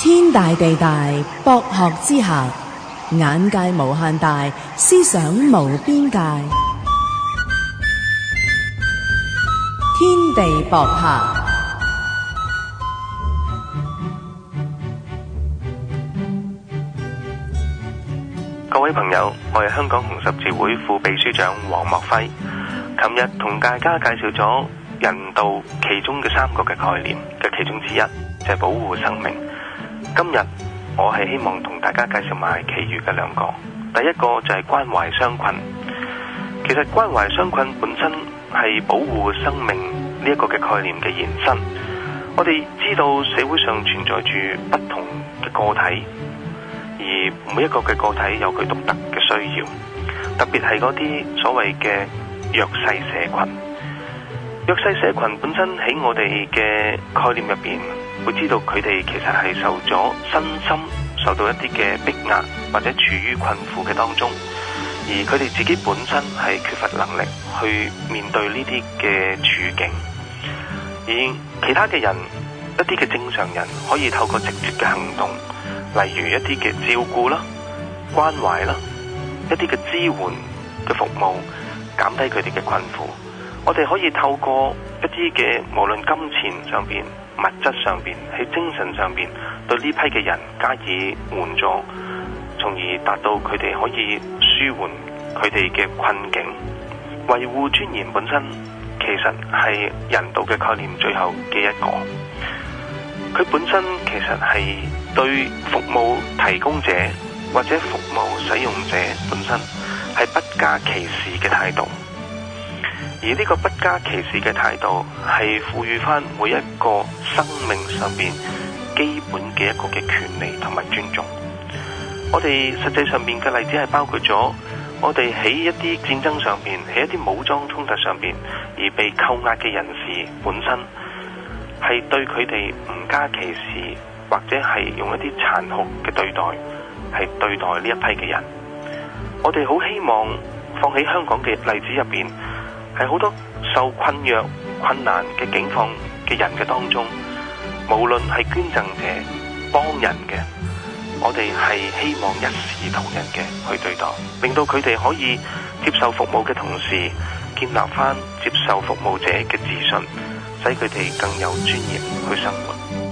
天大地大，博學之下眼界無限大，思想無邊界。天地博客，各位朋友，我係香港紅十字會副秘書長黃莫輝。琴日同大家介紹咗人道其中嘅三個嘅概念嘅其中之一，就係、是、保護生命。今日我係希望同大家介紹埋其餘嘅兩個，第一個就係關懷傷困。其實關懷傷困本身係保護生命呢一個嘅概念嘅延伸。我哋知道社會上存在住不同嘅個體，而每一個嘅個體有佢獨特嘅需要，特別係嗰啲所謂嘅弱勢社群。弱勢社群本身喺我哋嘅概念入邊，會知道佢哋其實係受咗身心受到一啲嘅逼壓，或者處於困苦嘅當中，而佢哋自己本身係缺乏能力去面對呢啲嘅處境，而其他嘅人，一啲嘅正常人，可以透過直接嘅行動，例如一啲嘅照顧啦、關懷啦、一啲嘅支援嘅服務，減低佢哋嘅困苦。我哋可以透過一啲嘅無論金錢上面、物質上面、喺精神上面，對呢批嘅人加以援助，從而達到佢哋可以舒緩佢哋嘅困境。維護尊嚴本身，其實係人道嘅概念最後嘅一個。佢本身其實係對服務提供者或者服務使用者本身係不加歧視嘅態度。而呢個不加歧視嘅態度，係賦予翻每一個生命上邊基本嘅一個嘅權利同埋尊重。我哋實際上面嘅例子係包括咗，我哋喺一啲戰爭上邊，喺一啲武裝衝突上邊，而被扣押嘅人士本身係對佢哋唔加歧視，或者係用一啲殘酷嘅對待，係對待呢一批嘅人。我哋好希望放喺香港嘅例子入邊。喺好多受困弱、困難嘅境況嘅人嘅當中，無論係捐贈者、幫人嘅，我哋係希望一視同仁嘅去對待，令到佢哋可以接受服務嘅同時，建立翻接受服務者嘅自信，使佢哋更有尊嚴去生活。